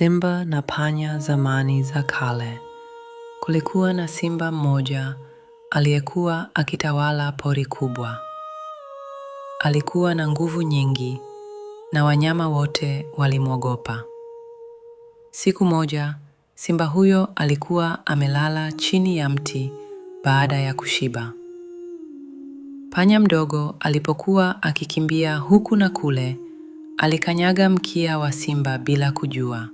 Simba na Panya zamani za kale. Kulikuwa na simba mmoja aliyekuwa akitawala pori kubwa. Alikuwa na nguvu nyingi na wanyama wote walimwogopa. Siku moja, simba huyo alikuwa amelala chini ya mti baada ya kushiba. Panya mdogo alipokuwa akikimbia huku na kule, alikanyaga mkia wa simba bila kujua.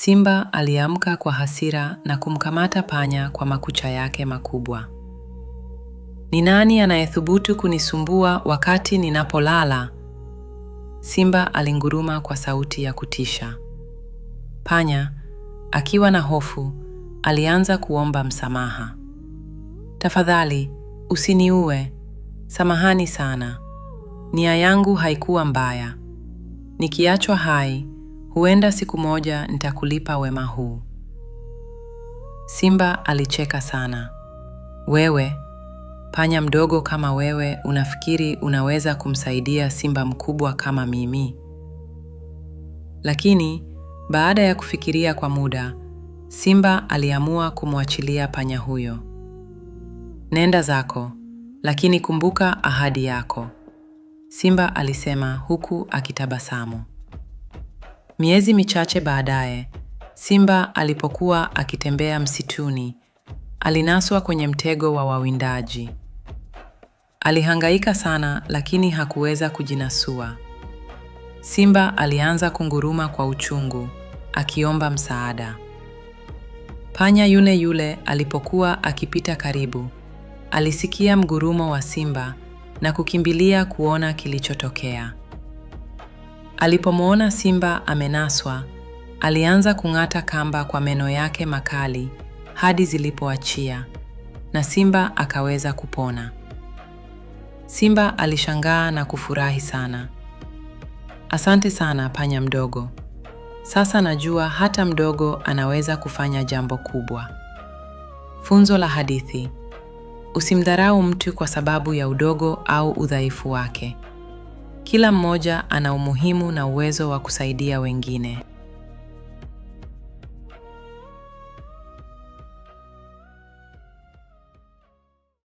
Simba aliamka kwa hasira na kumkamata panya kwa makucha yake makubwa. Ni nani anayethubutu kunisumbua wakati ninapolala? Simba alinguruma kwa sauti ya kutisha. Panya, akiwa na hofu, alianza kuomba msamaha. Tafadhali, usiniue. Samahani sana. Nia yangu haikuwa mbaya. Nikiachwa hai, Huenda siku moja nitakulipa wema huu. Simba alicheka sana. Wewe, panya mdogo kama wewe, unafikiri unaweza kumsaidia simba mkubwa kama mimi? Lakini baada ya kufikiria kwa muda, simba aliamua kumwachilia panya huyo. Nenda zako, lakini kumbuka ahadi yako, simba alisema huku akitabasamu. Miezi michache baadaye, simba alipokuwa akitembea msituni, alinaswa kwenye mtego wa wawindaji. Alihangaika sana lakini hakuweza kujinasua. Simba alianza kunguruma kwa uchungu, akiomba msaada. Panya yule yule alipokuwa akipita karibu, alisikia mgurumo wa simba na kukimbilia kuona kilichotokea. Alipomwona simba amenaswa, alianza kung'ata kamba kwa meno yake makali hadi zilipoachia na simba akaweza kupona. Simba alishangaa na kufurahi sana. Asante sana panya mdogo. Sasa najua hata mdogo anaweza kufanya jambo kubwa. Funzo la hadithi: usimdharau mtu kwa sababu ya udogo au udhaifu wake. Kila mmoja ana umuhimu na uwezo wa kusaidia wengine.